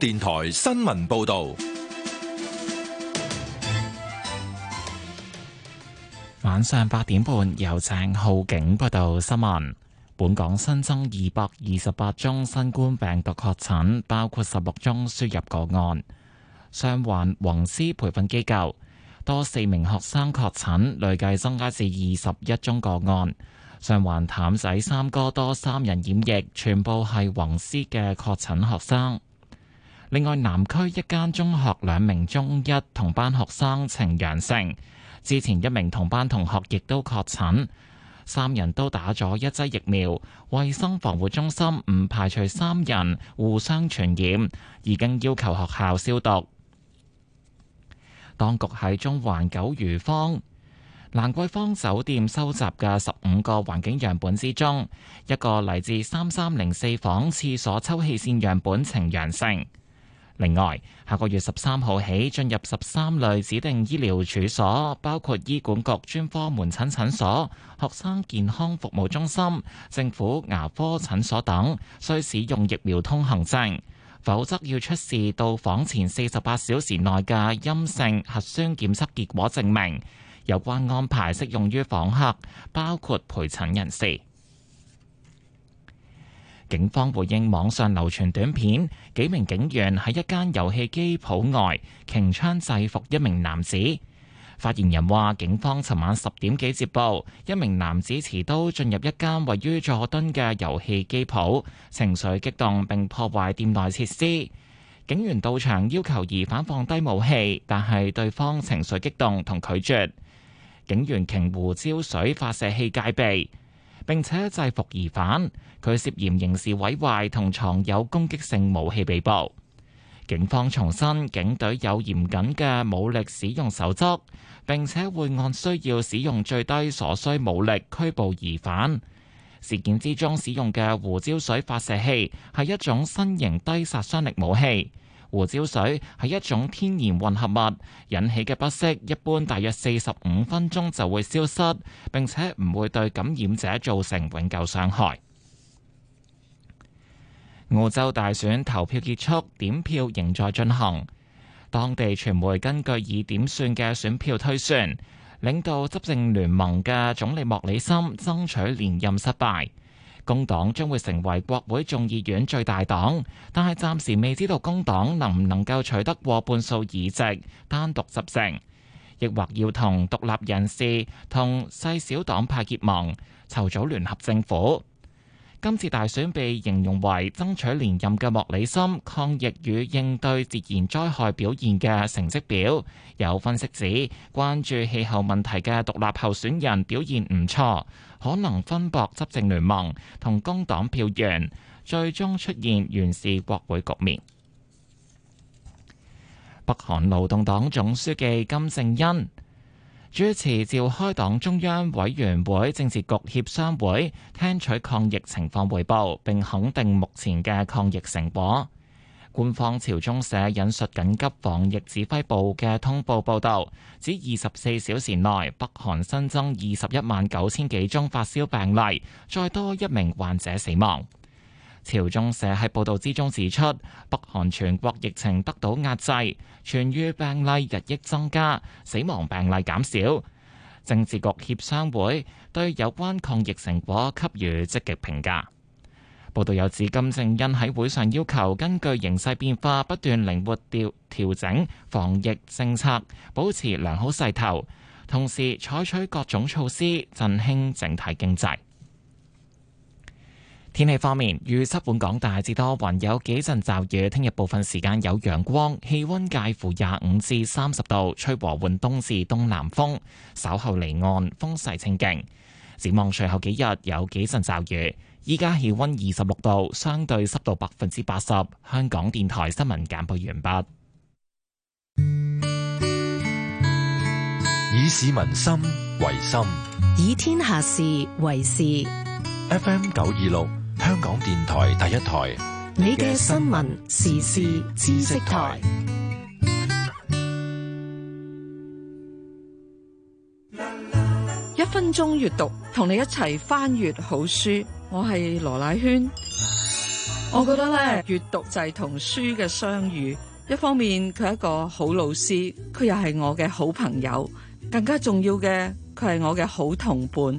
電台新聞報道，晚上八點半由鄭浩景報道新聞。本港新增二百二十八宗新冠病毒確診，包括十六宗輸入個案。上環宏斯培訓機構多四名學生確診，累計增加至二十一宗個案。上環譚仔三哥多三人染疫，全部係宏斯嘅確診學生。另外，南區一間中學兩名中一同班學生呈陽性，之前一名同班同學亦都確診，三人都打咗一劑疫苗。衛生防護中心唔排除三人互相傳染，已經要求學校消毒。當局喺中環九如坊蘭桂坊酒店收集嘅十五個環境樣本之中，一個嚟自三三零四房廁所抽氣扇樣本呈陽性。另外，下個月十三號起進入十三類指定醫療處所，包括醫管局專科門診診所、學生健康服務中心、政府牙科診所等，須使用疫苗通行證，否則要出示到訪前四十八小時內嘅陰性核酸檢測結果證明。有關安排適用於訪客，包括陪診人士。警方回應網上流傳短片，幾名警員喺一間遊戲機鋪外，擎槍制服一名男子。發言人話，警方尋晚十點幾接報，一名男子持刀進入一間位於佐敦嘅遊戲機鋪情緒激動並破壞店內設施。警員到場要求疑犯放低武器，但係對方情緒激動同拒絕。警員擎胡椒水發射器戒備。並且制服疑犯，佢涉嫌刑事毀壞同藏有攻擊性武器被捕。警方重申，警隊有嚴謹嘅武力使用守則，並且會按需要使用最低所需武力拘捕疑犯。事件之中使用嘅胡椒水發射器係一種新型低殺傷力武器。胡椒水係一種天然混合物引起嘅不適，一般大約四十五分鐘就會消失，並且唔會對感染者造成永久傷害。澳洲大選投票結束，點票仍在進行。當地傳媒根據已點算嘅選票推算，領導執政聯盟嘅總理莫里森爭取連任失敗。工黨將會成為國會眾議院最大黨，但係暫時未知道工黨能唔能夠取得過半數議席，單獨執政，亦或要同獨立人士同細小黨派結盟，籌組聯合政府。今次大選被形容為爭取連任嘅莫里森抗疫與應對自然災害表現嘅成績表。有分析指，關注氣候問題嘅獨立候選人表現唔錯，可能分薄執政聯盟同工黨票源，最終出現懸峙國會局面。北韓勞動黨總書記金正恩主持召開黨中央委員會政治局協商會，聽取抗疫情況彙報，並肯定目前嘅抗疫成果。官方朝中社引述緊急防疫指揮部嘅通報報道，指二十四小時內北韓新增二十一萬九千幾宗發燒病例，再多一名患者死亡。朝中社喺報道之中指出，北韓全國疫情得到壓制，痊愈病例日益增加，死亡病例減少。政治局協商會對有關抗疫成果給予積極評價。報道有指，金正恩喺會上要求根據形勢變化不斷靈活調調整防疫政策，保持良好勢頭，同時採取各種措施振興整體經濟。天氣方面，預測本港大致多雲，有幾陣驟雨。聽日部分時間有陽光，氣温介乎廿五至三十度，吹和緩東至東南風。稍後離岸，風勢清勁。展望隨後幾日有幾陣驟雨。依家氣温二十六度，相對濕度百分之八十。香港電台新聞簡報完畢。以市民心為心，以天下事為事。FM 九二六。香港電台第一台，你嘅新聞時事知識台，一分鐘閱讀，同你一齊翻閱好書。我係羅乃萱， 我覺得咧閱 讀就係同書嘅相遇。一方面佢係一個好老師，佢又係我嘅好朋友，更加重要嘅佢係我嘅好同伴。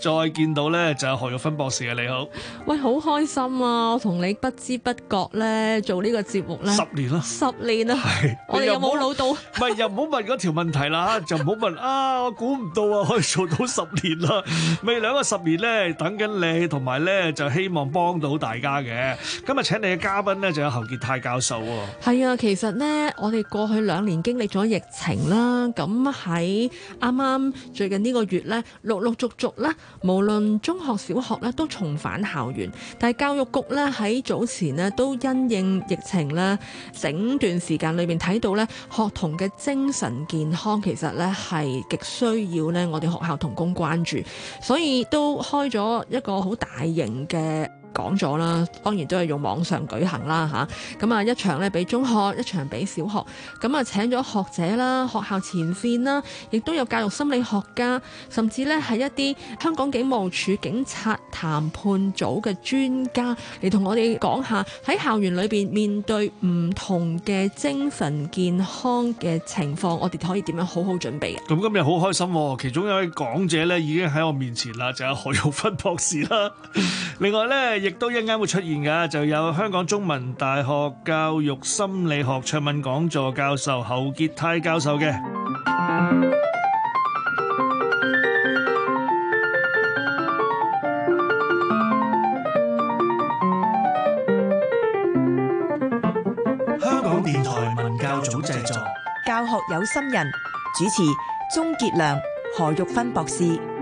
再見到咧，就係何玉芬博士嘅你好。喂，好開心啊！我同你不知不覺咧做呢個節目咧，十年啦，十年啊，係，我哋有冇老到？唔係又唔好問嗰條問題啦就唔好問啊！我估唔到啊，可以做到十年啦。未兩個十年咧，等緊你，同埋咧就希望幫到大家嘅。今日請你嘅嘉賓咧，就有侯傑泰教授喎。係啊，其實咧，我哋過去兩年經歷咗疫情啦，咁喺啱啱最近呢個月咧，陸陸續續啦。無論中學、小學咧都重返校園，但係教育局咧喺早前咧都因應疫情咧，整段時間裏面睇到咧學童嘅精神健康其實咧係極需要咧我哋學校同工關注，所以都開咗一個好大型嘅。講咗啦，當然都係用網上舉行啦嚇。咁啊一場呢俾中學，一場俾小學。咁、嗯、啊請咗學者啦、學校前線啦，亦都有教育心理學家，甚至呢係一啲香港警務處警察談判組嘅專家嚟同我哋講下喺校園裏邊面面對唔同嘅精神健康嘅情況，我哋可以點樣好好準備。咁今日好開心，哦，其中有位講者呢已經喺我面前啦，就係、係、何玉芬博士啦。 另外呢。亦都一間會出現㗎，就有香港中文大學教育心理學卓敏講座教授侯傑泰教授嘅。香港電台文教組製作，教學有心人主持，鍾傑良、何玉芬博士。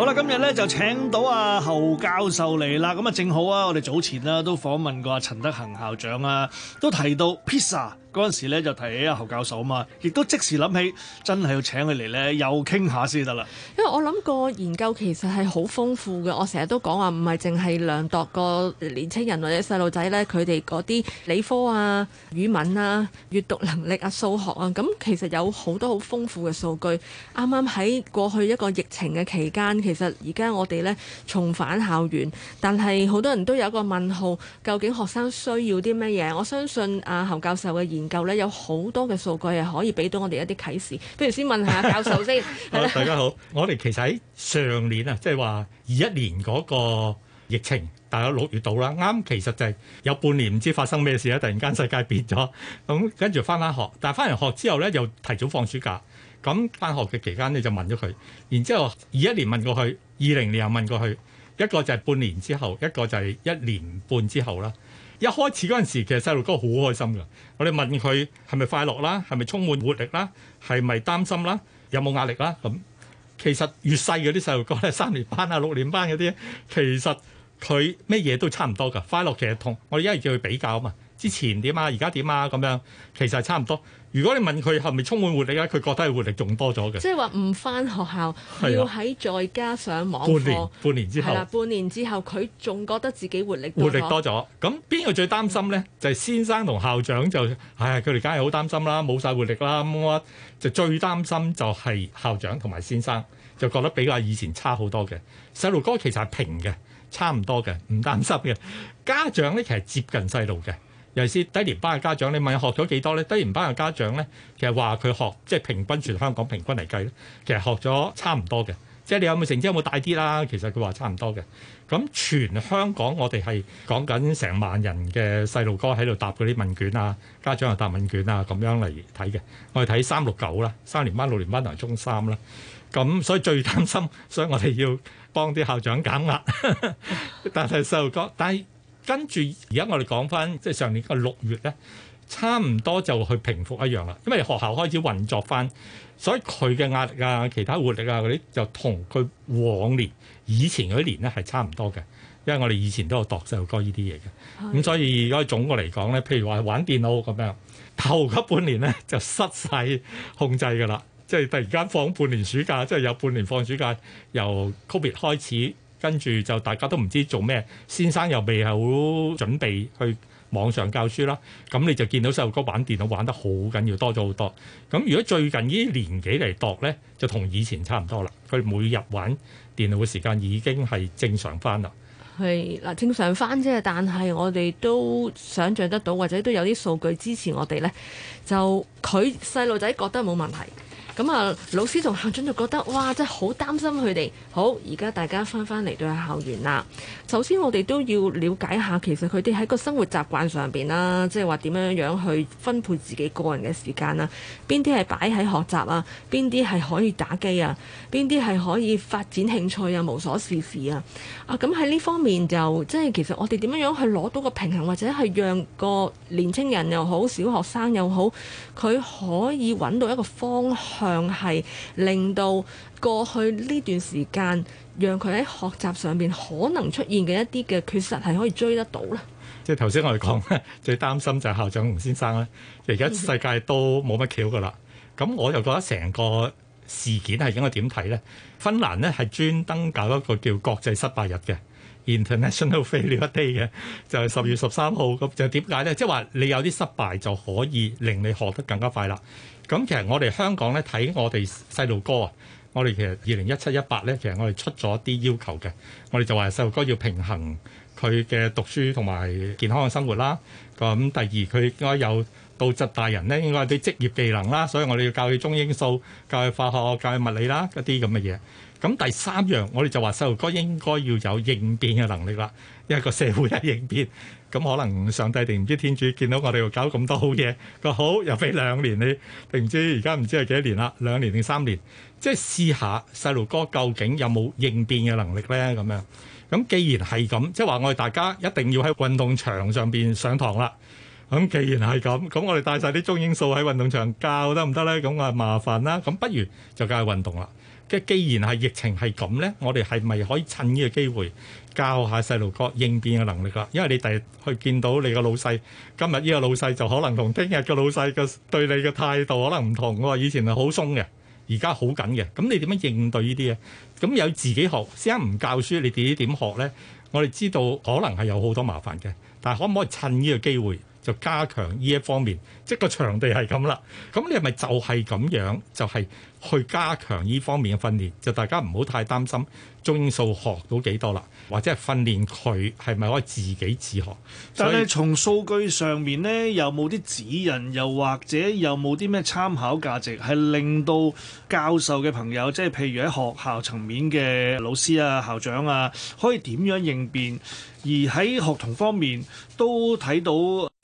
好啦，今日咧就請到啊侯教授嚟啦，咁啊正好啊，我哋早前啦都訪問過阿陳德恒校長啊，都提到 PISA。嗰陣時咧就提起侯教授啊嘛，亦都即時諗起，真係要請佢嚟呢，又傾下先得啦。因為我諗個研究其實係好豐富嘅，我成日都講話唔係淨係量度個年輕人或者細路仔呢，佢哋嗰啲理科啊、語文啊、閱讀能力啊、數學啊，咁其實有好多好豐富嘅數據。啱啱喺過去一個疫情嘅期間，其實而家我哋呢重返校園，但係好多人都有一個問號，究竟學生需要啲咩嘢？我相信啊，侯教授嘅研研究咧有好多嘅數據啊，可以俾到我哋一啲啟示。不如先問下教授先。好，大家好。我哋其實喺上年啊，即係話二一年嗰個疫情，大概六月到啦。啱，其實就係有半年唔知發生咩事啦。突然間世界變咗，咁跟住翻返學，但係翻完學之後咧，又提早放暑假。咁翻學嘅期間咧，就問咗佢。然之後二一年問過去，二零年又問過去，一個就係半年之後，一個就係一年半之後啦。一開始嗰陣時，其實細路哥好開心㗎。我哋問佢係咪快樂啦，係咪充滿活力啦，係咪擔心啦，有冇壓力啦？咁、嗯、其實越細嗰啲細路哥咧，三年班啊、六年班嗰啲，其實佢咩嘢都差唔多噶。快樂其實同我哋一樣叫佢比較啊嘛，之前點啊，而家點啊咁樣，其實差唔多。如果你問佢係咪充滿活力咧，佢覺得係活力仲多咗嘅。即係話唔返學校，要喺在，在家上網課半年，半年之後，半年之後佢仲覺得自己活力活力多咗。咁邊個最擔心咧？就係、是、先生同校長就唉，佢、哎、哋，梗係好擔心啦，冇晒活力啦咁啊！就最擔心就係校長同埋先生就覺得比較以前差好多嘅細路哥，其實係平嘅，差唔多嘅，唔擔心嘅家長咧，其實接近細路嘅。尤其是低年班嘅家長，你問你學咗幾多咧？低年班嘅家長咧，其實話佢學即係、就是、平均全香港平均嚟計咧，其實學咗差唔多嘅。即係你有冇成績有冇大啲啦、啊？其實佢話差唔多嘅。咁全香港我哋係講緊成萬人嘅細路哥喺度答嗰啲問卷啊，家長又答問卷啊，咁樣嚟睇嘅。我哋睇三六九啦，三年班、六年班同埋中三啦。咁所以最擔心，所以我哋要幫啲校長減壓。 但係細路哥低。跟住而家我哋講翻，即係上年嘅六月咧，差唔多就去平復一樣啦。因為學校開始運作翻，所以佢嘅壓力啊、其他活力啊嗰啲，就同佢往年以前嗰啲年咧係差唔多嘅。因為我哋以前都有度，細路哥呢啲嘢嘅，咁所以嗰個總個嚟講咧，譬如話玩電腦咁樣，頭嗰半年咧就失勢控制㗎啦，即係突然間放半年暑假，即係有半年放暑假，由 Covid 開始。跟住就大家都唔知做咩，先生又未係好準備去網上教書啦。咁你就見到細路哥玩電腦玩得好緊要，多咗好多。咁如果最近呢年紀嚟度呢，就同以前差唔多啦。佢每日玩電腦嘅時間已經係正常翻啦。係嗱，正常翻啫，但係我哋都想像得到，或者都有啲數據支持我哋呢，就佢細路仔覺得冇問題。咁啊，嗯，老師同校長就覺得哇，真係好擔心佢哋。好，而家大家翻翻嚟到校園啦。首先，我哋都要了解下，其實佢哋喺個生活習慣上邊啦，即係話點樣樣去分配自己個人嘅時間啦。邊啲係擺喺學習啊？邊啲係可以打機啊？邊啲係可以發展興趣啊？無所事事啊？啊，咁喺呢方面就即係、就是，其實我哋點樣樣去攞到個平衡，或者係讓個年青人又好，小學生又好，佢可以揾到一個方向。係令到過去呢段時間，讓佢喺學習上邊可能出現嘅一啲嘅缺失係可以追得到咧。即係頭先我哋講 最擔心就係校長吳先生咧，而家世界都冇乜橋㗎喇。咁我又覺得成個事件係應該點睇咧？芬蘭咧係專登搞一個叫國際失敗日嘅，International Failure Day 嘅，就係十月十三號咁。就點解咧？即係話你有啲失敗就可以令你學得更加快啦。咁其實我哋香港咧睇我哋細路哥啊，我哋其實二零一七一八咧，其實我哋出咗啲要求嘅，我哋就話細路哥要平衡佢嘅讀書同埋健康嘅生活啦。咁第二佢應該有到質大人咧，應該有啲職業技能啦，所以我哋要教佢中英數、教佢化學、教佢物理啦，一啲咁嘅嘢。咁第三樣我哋就話細路哥應該要有應變嘅能力啦，因為個社會係應變。咁可能上帝定唔知天主見到我哋又搞咁多好嘢，佢好又俾兩年你，定唔知而家唔知係幾多年啦？兩年定三年，即係試下細路哥究竟有冇應變嘅能力咧？咁樣，咁既然係咁，即係話我哋大家一定要喺運動場上邊上堂啦。咁既然係咁，咁我哋帶晒啲中英數喺運動場教得唔得咧？咁啊，麻煩啦。咁不如就教下運動啦。即係既然係疫情係咁咧，我哋係咪可以趁呢個機會？教下細路哥應變嘅能力啦，因為你第日去見到你個老細，今日呢個老細就可能同聽日個老細嘅對你嘅態度可能唔同嘅喎，以前係好鬆嘅，而家好緊嘅，咁你點樣應對呢啲啊？咁有自己學，而家唔教書，你哋點學咧？我哋知道可能係有好多麻煩嘅，但係可唔可以趁呢個機會就加強呢一方面，即個場地係咁啦。咁你係咪就係咁樣，就係去加強呢方面嘅訓練？就大家唔好太擔心。中英數學到幾多啦？或者訓練佢係咪可以自己自學？但係從數據上面呢，有冇啲指引？又或者有冇啲咩參考價值？係令到教授嘅朋友，即係譬如喺學校層面嘅老師啊、校長啊，可以點樣應變？而喺學童方面都睇到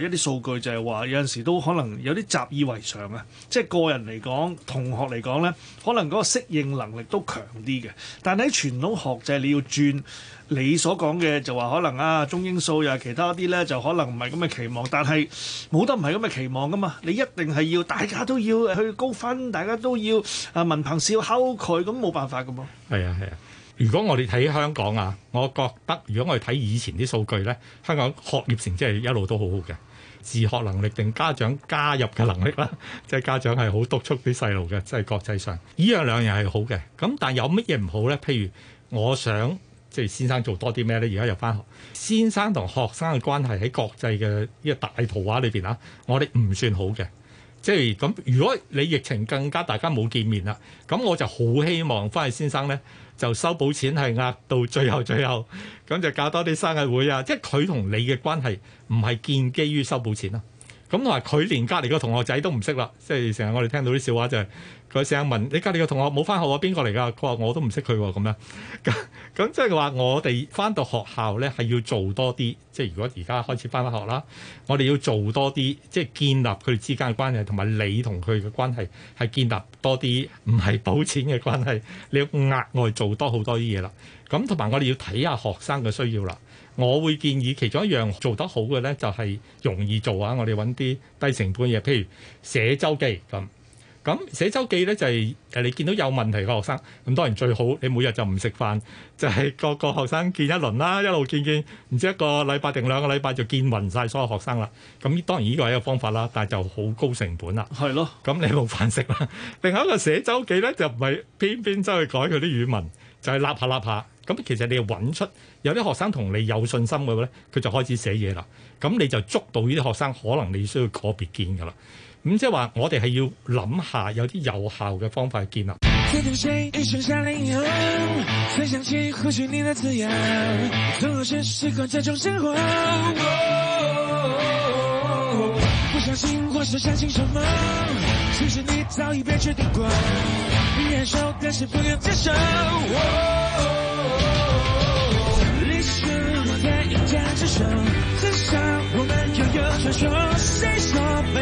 一啲數據，就係話有陣時都可能有啲習以為常啊。即係個人嚟講，同學嚟講呢，可能嗰個適應能力都強啲嘅。但係喺傳統學就係你要轉你所講嘅，就話可能啊中英數又其他啲呢，就可能唔係咁嘅期望。但係冇得唔係咁嘅期望噶嘛？你一定係要大家都要去高分，大家都要啊文憑試要考佢，咁冇辦法噶嘛。係啊，係啊。如果我哋睇香港啊，我覺得如果我哋睇以前啲數據咧，香港學業成績係一路都好好嘅。自學能力定家長加入嘅能力啦，即 係家長係、就是、好督促啲細路嘅，即係國際上依樣兩樣係好嘅。咁但有乜嘢唔好咧？譬如我想即係、就是、先生做多啲咩咧？而家又翻學，先生同學生嘅關係喺國際嘅呢個大圖畫裏邊啊，我哋唔算好嘅。即係咁，如果你疫情更加，大家冇見面啦，咁我就好希望翻去先生咧。就收補錢係壓到最後最後，咁就搞多啲生日會啊！即係佢同你嘅關係唔係建基於收補錢啦。咁話佢連隔離個同學仔都唔識啦，即係成日我哋聽到啲笑話就係。佢成日問：你隔離嘅同學冇翻學啊？邊個嚟㗎？佢話我都唔識佢喎。咁樣咁咁，即係話我哋翻到學校咧，係要做多啲。即係如果而家開始翻翻學啦，我哋要做多啲，即係建立佢哋之間嘅關係，同埋你同佢嘅關係係建立多啲，唔係補錢嘅關係。你要額外做多好多啲嘢啦。咁同埋我哋要睇下學生嘅需要啦。我會建議其中一樣做得好嘅咧，就係容易做啊！我哋揾啲低成本嘅嘢，譬如寫周記咁。咁寫周記咧就係、是、誒你見到有問題嘅學生，咁當然最好你每日就唔食飯，就係、是、個個學生見一輪啦，一路見一見，唔知一個禮拜定兩個禮拜就見勻晒所有學生啦。咁當然呢個係一個方法啦，但係就好高成本啦。係咯，咁你冇飯食啦。另外一個寫周記咧就唔係偏偏走去改佢啲語文，就係、是、揦下揦下。咁其實你又揾出有啲學生同你有信心嘅咧，佢就開始寫嘢啦。咁你就捉到呢啲學生，可能你需要個別見嘅啦。咁即係話，我哋係要諗下有啲有效嘅方法去建立。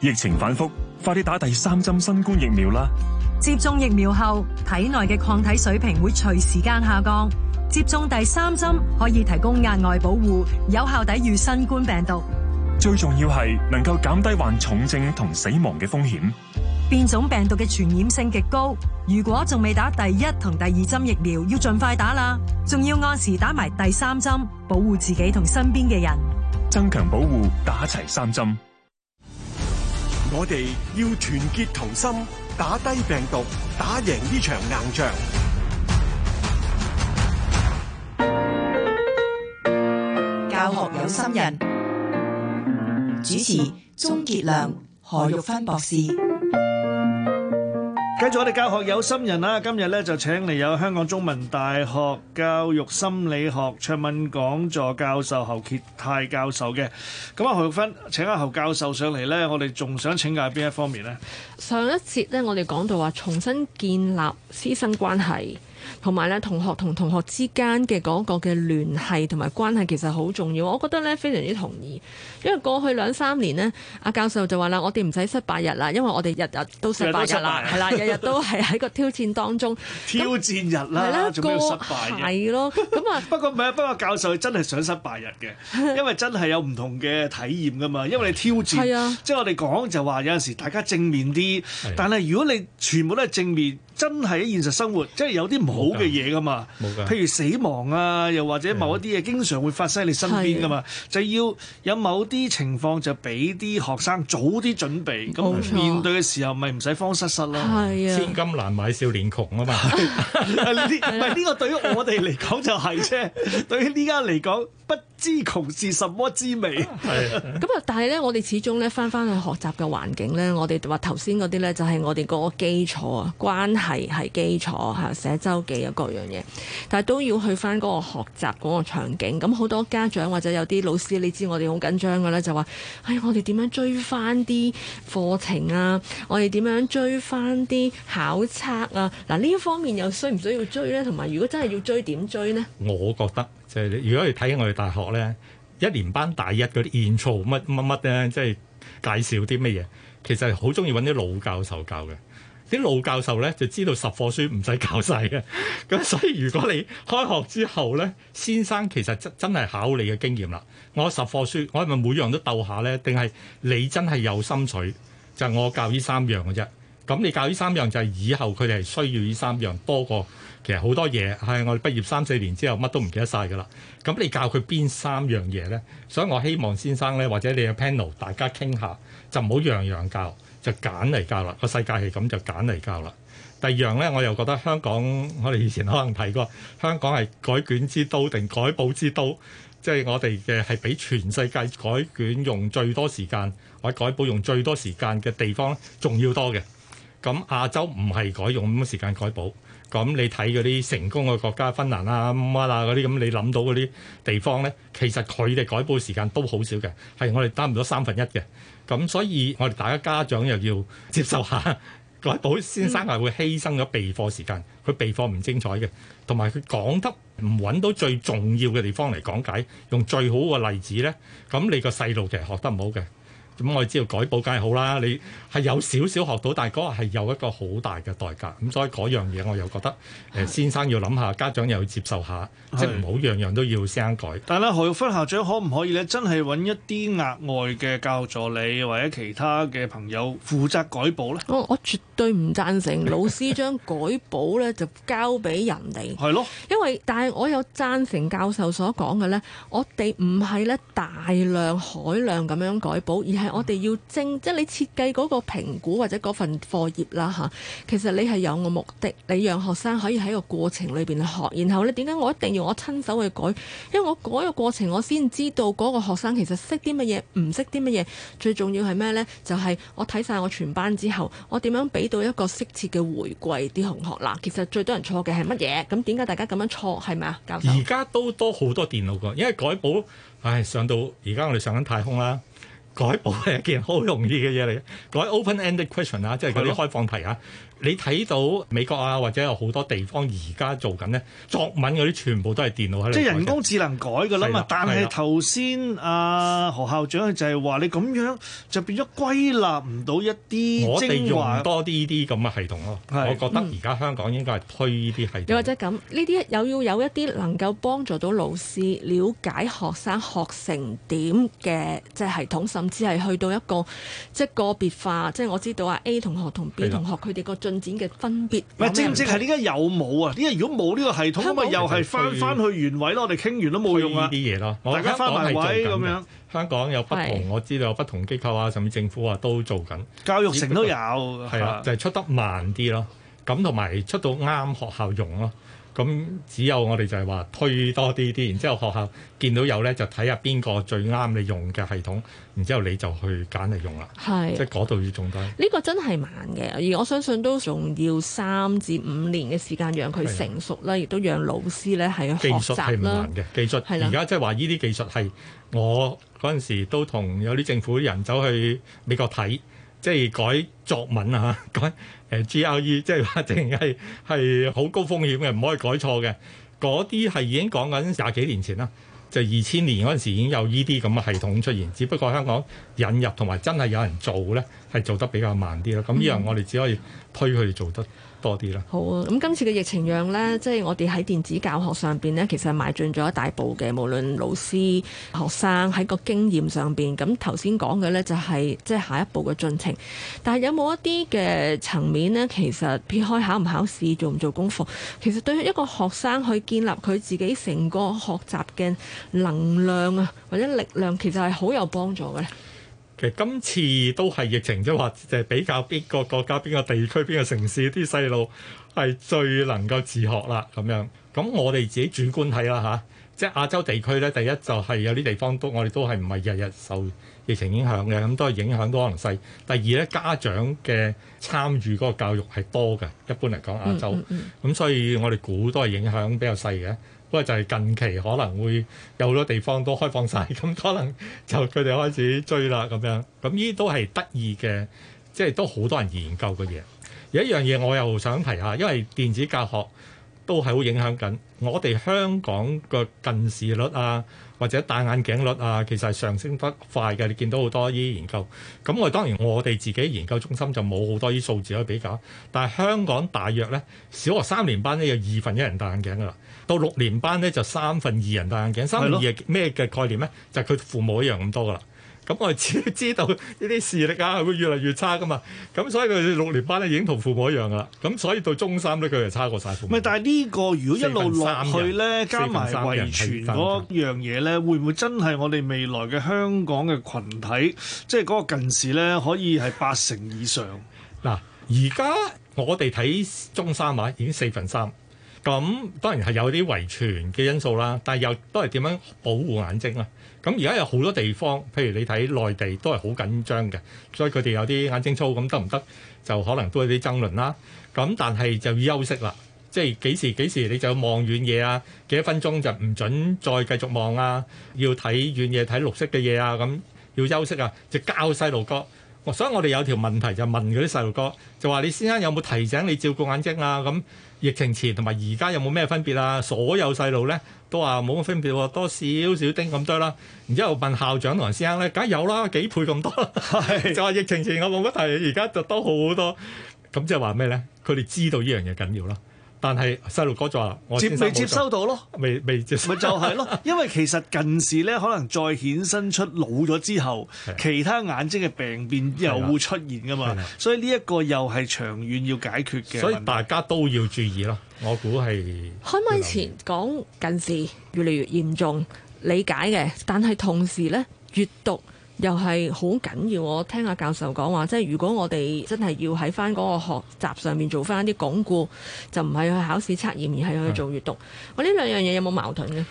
疫情反覆，快啲打第三針新冠疫苗啦！接種疫苗後，體內嘅抗體水平會隨時間下降。接種第三針可以提供額外保護，有效抵御新冠病毒。最重要係能夠減低患重症同死亡嘅風險。變種病毒嘅傳染性極高，如果仲未打第一同第二針疫苗，要盡快打啦，仲要按時打埋第三針，保護自己同身邊嘅人，增強保護，打齊三針。我哋要團結同心，打低病毒，打贏呢場硬仗。教學有心人，嗯、主持鍾杰良、何玉芬博士。繼續我哋教學有心人啦，今日咧就請嚟有香港中文大學教育心理學卓敏講座教授侯傑泰教授嘅。咁啊，何玉芬，請阿侯教授上嚟咧，我哋仲想請教邊一方面呢？上一節咧，我哋講到話重新建立師生關係。同埋咧，同學同同學之間嘅嗰個嘅聯繫同埋關係其實好重要，我覺得咧非常之同意。因為過去兩三年呢，阿教授就話啦：我哋唔使失敗日啦，因為我哋日日都失敗日啦，係啦，日日都係喺個挑戰當中。挑戰日啦，仲要 失敗日咯。咁啊， 不過唔係啊，不過 教授真係想失敗日嘅，因為真係有唔同嘅體驗噶嘛。因為你挑戰， 的即係我哋講就話有陣時大家正面啲，但係如果你全部都係正面。真係喺現實生活，即係有啲唔好嘅嘢噶嘛，譬如死亡啊，又或者某一啲嘢經常會發生喺你身邊噶嘛， 就要有某啲情況就俾啲學生早啲準備咁 Sí 面對嘅時候喪喪喪喪，咪唔使慌失失咯，千金難買少年窮啊嘛，唔係呢個對於我哋嚟講就係啫，對於呢家嚟講不知窮是什麼滋味，係咁啊，但係咧，我哋始終咧翻翻去學習嘅環境咧，我哋話頭先嗰啲咧就係我哋個基礎啊，關。係係基礎嚇寫周記啊各樣嘢，但係都要去翻嗰個學習嗰、那個場景。咁好多家長或者有啲老師，你知我哋好緊張㗎喇，就話：唉、哎，我哋點樣追翻啲課程啊？我哋點樣追翻啲考測啊？嗱呢一方面又需唔需要追咧？同埋如果真係要追，點追呢？我覺得就係、是、如果你睇我哋大學呢，一年班大一嗰啲 intro 乜乜乜咧，即係、就是、介紹啲乜嘢，其實好中意揾啲老教授教嘅。啲老教授咧就知道十課書唔使教晒嘅，咁所以如果你開學之後咧，先生其實真真係考你嘅經驗啦。我十課書，我係咪每樣都鬥下咧？定係你真係有心取？就係、我教呢三樣嘅啫。咁你教呢三樣就係以後佢哋係需要呢三樣多過其實好多嘢。係我畢業三四年之後，乜都唔記得晒㗎啦。咁你教佢邊三樣嘢咧？所以我希望先生咧，或者你嘅 panel 大家傾下，就唔好樣樣教。就揀嚟教啦，個世界係咁就揀嚟教啦。第二樣呢，我又覺得香港，我哋以前可能提過，香港係改卷之都定改簿之都？即係我哋嘅係比全世界改卷用最多時間，或者改簿用最多時間嘅地方仲要多嘅。咁亞洲唔係改用咁嘅時間改簿。咁你睇嗰啲成功嘅國家，芬蘭啦、啊、馬啦嗰啲咁，你諗到嗰啲地方咧，其實佢哋改補時間都好少嘅，係我哋擔唔到三分一嘅。咁所以我哋大家家長又要接受下，改保先生係會犧牲咗備課時間，佢備課唔精彩嘅，同埋佢講得唔揾到最重要嘅地方嚟講解，用最好嘅例子咧，咁你個細路其實學得唔好嘅。咁我哋知道改簿梗係好啦，你係有少少學到，但係嗰個係有一個好大嘅代價，咁所以嗰樣嘢我又覺得誒先生要諗下，家長又要接受下，即係唔好樣樣都要先改。但係咧，何玉芬校長可唔可以咧，真係揾一啲額外嘅教學助理或者其他嘅朋友負責改簿咧？我我絕對唔贊成老師將改簿咧就交俾人哋，係咯，因為但係我有贊成教授所講嘅咧，我哋唔係咧大量海量咁樣改簿，而係。我哋要正，嗯、即係你設計嗰個評估或者嗰份課業啦吓，其實你係有個目的，你讓學生可以喺個過程裏邊學，然後咧，點解我一定要我親手去改？因為我改個過程，我先知道嗰個學生其實識啲乜嘢，唔識啲乜嘢。最重要係咩咧？就係、是、我睇晒我全班之後，我點樣俾到一個適切嘅回饋啲同學嗱。其實最多人錯嘅係乜嘢？咁點解大家咁樣錯係咪啊？教授？而家都多好多電腦個，因為改簿，唉，上到而家我哋上緊太空啦。改報係一件好容易嘅嘢嚟，嘅，改 open-ended question 啊，即係嗰啲開放題啊。你睇到美國啊，或者有好多地方而家做緊咧，作文嗰啲全部都係電腦喺度改，即係人工智能改嘅啦嘛，但係頭先啊，何校長就係話你咁樣就變咗歸納唔到一啲精華。我哋用多啲呢啲咁嘅系統咯，我覺得而家香港應該係推呢啲系統，又或者咁，呢啲又要有一啲能夠幫助到老師了解學生學成點嘅，即係系統，甚至係去到一個即係個別化。即係我知道啊 A 同學同 B 同學佢哋個。進展嘅分別，唔係正唔正係點解有冇啊？因為如果冇呢個系統，咁咪又係翻翻去原位咯。我哋傾完都冇用啊！呢啲嘢咯，大家翻埋位咁樣。香港有不同，是我知道有不同機構啊，甚至政府啊都做緊。教育城都有，係啊的的，就係、是、出得慢啲咯。咁同埋出到啱學校用咯。咁只有我哋就係話推多啲啲，然之後學校見到有咧，就睇下邊個最啱你用嘅系統，然之後你就去揀嚟用啦。係是，即係嗰度要仲多。呢個真係慢嘅，而我相信都仲要三至五年嘅時間，讓佢成熟啦，亦都的讓老師咧係技術係唔難嘅，技術係而家即係話呢啲技術係我嗰陣時都同有啲政府人走去美國睇。即係改作文啊，改誒 GRE，即係話淨係係好高風險嘅，唔可以改錯嘅。嗰啲係已經講緊廿幾年前啦，就二千年嗰陣時已經有呢啲咁嘅系統出現，只不過香港引入同埋真係有人做咧，係做得比較慢啲咯。咁呢樣我哋只可以推佢哋做得。多啲啦。好啊，咁今次嘅疫情讓呢，即係我哋喺電子教學上邊呢，其實係邁進咗一大步嘅。無論老師、學生喺個經驗上邊，咁頭先講嘅呢，就係即係下一步嘅進程。但係有冇一啲嘅層面呢？其實撇開考唔考試、做唔做功課，其實對於一個學生去建立佢自己成個學習嘅能量啊，或者力量，其實係好有幫助嘅呢。其實今次都係疫情，即係話就係比較邊個國家、邊個地區、邊個城市啲細路係最能夠自學啦。咁樣，咁我哋自己主觀睇啦嚇。即係亞洲地區咧，第一就係有啲地方都我哋都係唔係日日受疫情影響嘅，咁都係影響都可能細。第二咧，家長嘅參與嗰個教育係多嘅，一般嚟講亞洲，咁、嗯嗯、所以我哋估都係影響比較細嘅。不過就係近期可能會有好多地方都開放晒，咁可能就佢哋開始追啦。咁樣咁呢都係得意嘅，即係都好多人研究嘅嘢。有一樣嘢我又想提下，因為電子教學都係好影響緊我哋香港嘅近視率啊，或者戴眼鏡率啊，其實上升得快嘅。你見到好多呢啲研究咁，我當然我哋自己研究中心就冇好多啲數字去比較，但係香港大約呢，小學三年班呢有二分一人戴眼鏡㗎啦。到六年班咧就三分二人戴眼鏡，的三分二係咩嘅概念咧？就佢、是、父母一樣咁多噶啦。咁我哋知知道呢啲視力啊係會越嚟越差噶嘛。咁所以佢六年班咧已經同父母一樣噶啦。咁所以到中三咧佢就差過晒父母。唔係，但係呢、這個如果一路落去咧，加埋遺傳嗰樣嘢咧，會唔會真係我哋未來嘅香港嘅群體，即係嗰個近視咧可以係八成以上？嗱，而家我哋睇中三啊已經四分三。咁當然係有啲遺傳嘅因素啦，但係又都係點樣保護眼睛啦、啊？咁而家有好多地方，譬如你睇內地都係好緊張嘅，所以佢哋有啲眼睛操，咁得唔得？就可能都有啲爭論啦。咁但係就要休息啦，即係幾時幾時你就望遠嘢啊？幾多分鐘就唔準再繼續望啊？要睇遠嘢睇綠色嘅嘢啊？咁要休息啊，就交細路哥。所以我哋有條問題就問佢啲細路哥，就話你先生有冇提醒你照顧眼睛啊？咁疫情前同埋而家有冇咩分別啊？所有細路咧都話冇乜分別喎，多少少丁咁多啦。然之後問校長同埋先生咧，梗係有啦，幾倍咁多。 就話疫情前我冇乜提，而家就多好多。咁即係話咩咧？佢哋知道呢樣嘢緊要咯。但係細路哥就話：接未接收到咯？未未接收咪 就係咯，因為其實近視咧，可能再衍生出老咗之後，的其他眼睛嘅病變又會出現噶嘛，所以呢一個又係長遠要解決嘅。所以大家都要注意咯， 我估係開咪前講近視越嚟越嚴重，理解嘅，但係同時咧，閱讀。又係好緊要，我聽阿教授講話，即係如果我哋真係要喺翻嗰個學習上面做翻一啲鞏固，就唔係去考試測驗，而係去做閱讀。是的 我呢兩樣嘢有冇矛盾咧？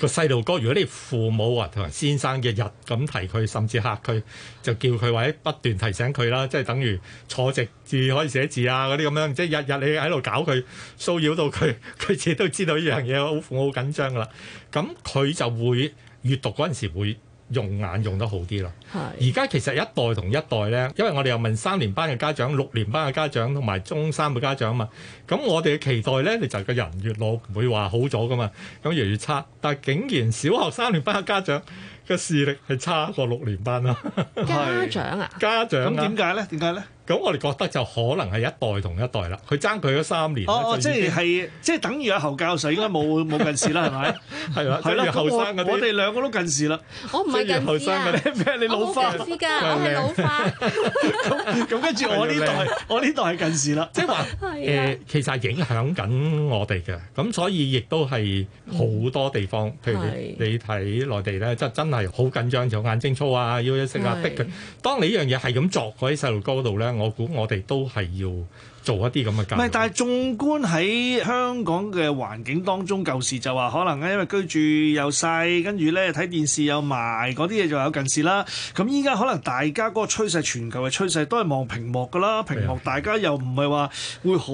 個細路哥，如果你父母啊同先生日日咁提佢，甚至嚇佢，就叫佢或者不斷提醒佢啦，即係等於坐直字可以寫字啊嗰啲咁樣，即係日日你喺度搞佢，騷擾到佢，佢自己都知道呢樣嘢好好緊張㗎喇。咁佢就會閱讀嗰陣時會。用眼用得好啲咯，而家是其實一代同一代咧，因為我哋又問三年班嘅家長、六年班嘅家長同埋中三嘅家長啊嘛，咁我哋嘅期待咧，你就個、係、人越老唔會話好咗噶嘛，咁越嚟越差，但係竟然小學三年班嘅家長嘅視力係差過六年班啊。家長啊， 家長咁點解咧？點解咧？咁我哋覺得就可能係一代同一代啦，佢爭佢咗三年。哦，即係係即係等於阿侯教授應該冇冇近視啦，係咪？係啦，係咯。後生我我哋兩個都近視啦。我唔係近視後生嗰咩？你老花。我唔係老花。咁跟住我呢代，我呢代係近視啦。即係話誒，其實影響緊我哋嘅，咁所以亦都係好多地方，譬如你睇內地咧，即係真係好緊張，做眼睛操啊，腰一式啊，逼佢。當你呢樣嘢係咁作嗰啲細路哥度咧。我估我哋都係要做一啲咁嘅教。唔係，但係縱觀喺香港嘅環境當中，舊時就話可能咧，因為居住又細，跟住咧睇電視又埋，嗰啲嘢就有近視啦。咁依家可能大家嗰個趨勢，全球嘅趨勢都係望屏幕噶啦，屏幕大家又唔係話會好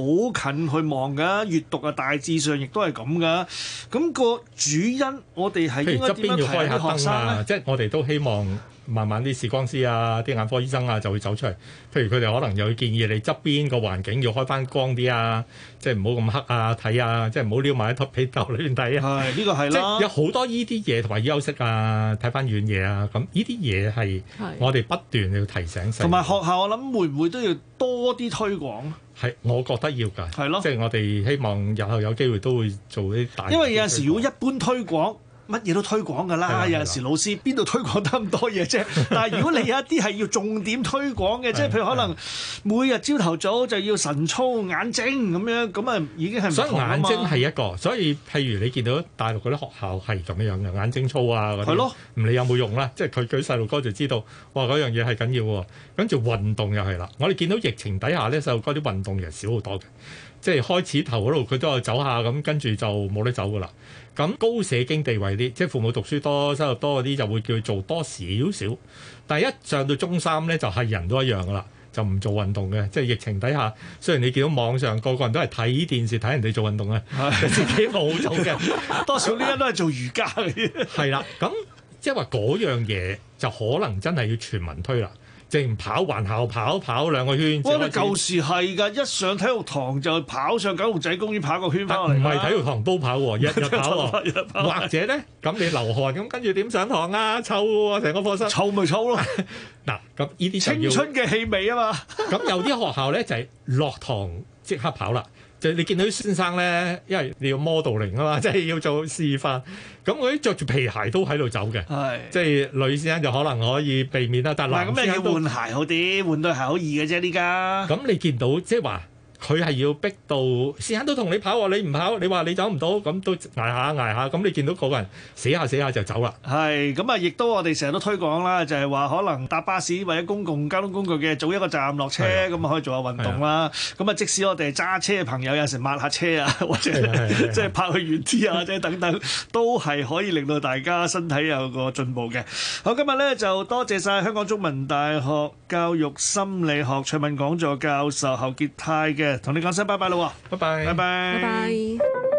近去望嘅，閱讀啊，大致上亦都係咁噶。咁個主因，我哋係應該點樣睇學生、啊、即係我哋都希望。慢慢啲視光師啊，啲眼科醫生啊就會走出嚟。譬如佢哋可能又會建議你側邊個環境要開翻光啲啊，即係唔好咁黑啊睇啊，即係唔好撩埋喺被竇裏邊睇啊。係呢、呢個係啦，即有好多依啲嘢同埋休息啊，睇翻遠嘢啊，咁依啲嘢係我哋不斷要提醒。同埋學校，我諗會唔會都要多啲推廣？係，我覺得要㗎。係咯的，即係我哋希望日後有機會都會做啲大。因為有陣時如果一般推廣。乜嘢都推廣㗎啦，有陣的時老師邊度推廣得咁多嘢啫？ 但係如果你有一啲係要重點推廣嘅， 即係譬如可能每日朝頭早就要晨操眼睛咁樣，咁啊已經係唔同啊嘛。所以眼睛係一個，所以譬如你見到大陸嗰啲學校係咁樣嘅眼睛操啊嗰啲。係咯的，唔理有冇用啦，即係佢舉細路哥就知道，哇嗰樣嘢係緊要。跟住運動又係啦，我哋見到疫情底下咧，細路哥啲運動又少好多嘅。即係開始頭嗰度佢都有走下咁，跟住就冇得走噶啦。咁高社經地位啲，即係父母讀書多、收入多嗰啲，就會叫佢做多少少。但係一上到中三咧，就係、是、人都一樣噶啦，就唔做運動嘅。即係疫情底下，雖然你見到網上個個人都係睇電視睇人哋做運動啊，的 自己冇走嘅， 多數呢家都係做瑜伽嘅。係 啦，咁即係話嗰樣嘢就可能真係要全民推啦。淨跑環校跑跑兩個圈，我覺得舊時係㗎，一上體育堂就跑上九龍仔公園跑個圈翻嚟，唔係體育堂都跑喎，日日跑喎，或者咧，咁你流汗咁，跟住點上堂啊？臭喎，成個課室。臭咪臭咯，嗱，咁呢啲青春嘅氣味啊嘛。咁有啲學校咧就係落堂即刻跑啦。就你見到先生咧，因為你要 modeling 啊嘛，即係要做示範。咁佢啲著住皮鞋都喺度走嘅，是即係女先生就可能可以避免啦。但係男先生都你換鞋好啲，換對鞋好易嘅啫，呢家。咁你見到即係話？佢係要逼到時間都同你跑喎，你唔跑，你話你走唔到，咁都捱下捱下。咁你見到個人死下死下就走啦。係咁啊，亦都我哋成日都推廣啦，就係話可能搭巴士或者公共交通工具嘅早一個站落車，咁啊可以做下運動啦。咁啊，即使我哋揸車嘅朋友有時抹下車啊，或者即係拍佢遠啲啊，或者等等，都係可以令到大家身體有個進步嘅。好，今日咧就多謝曬香港中文大學教育心理學卓敏講座教授侯傑泰嘅。同你講聲拜拜咯，拜拜，拜拜，拜拜。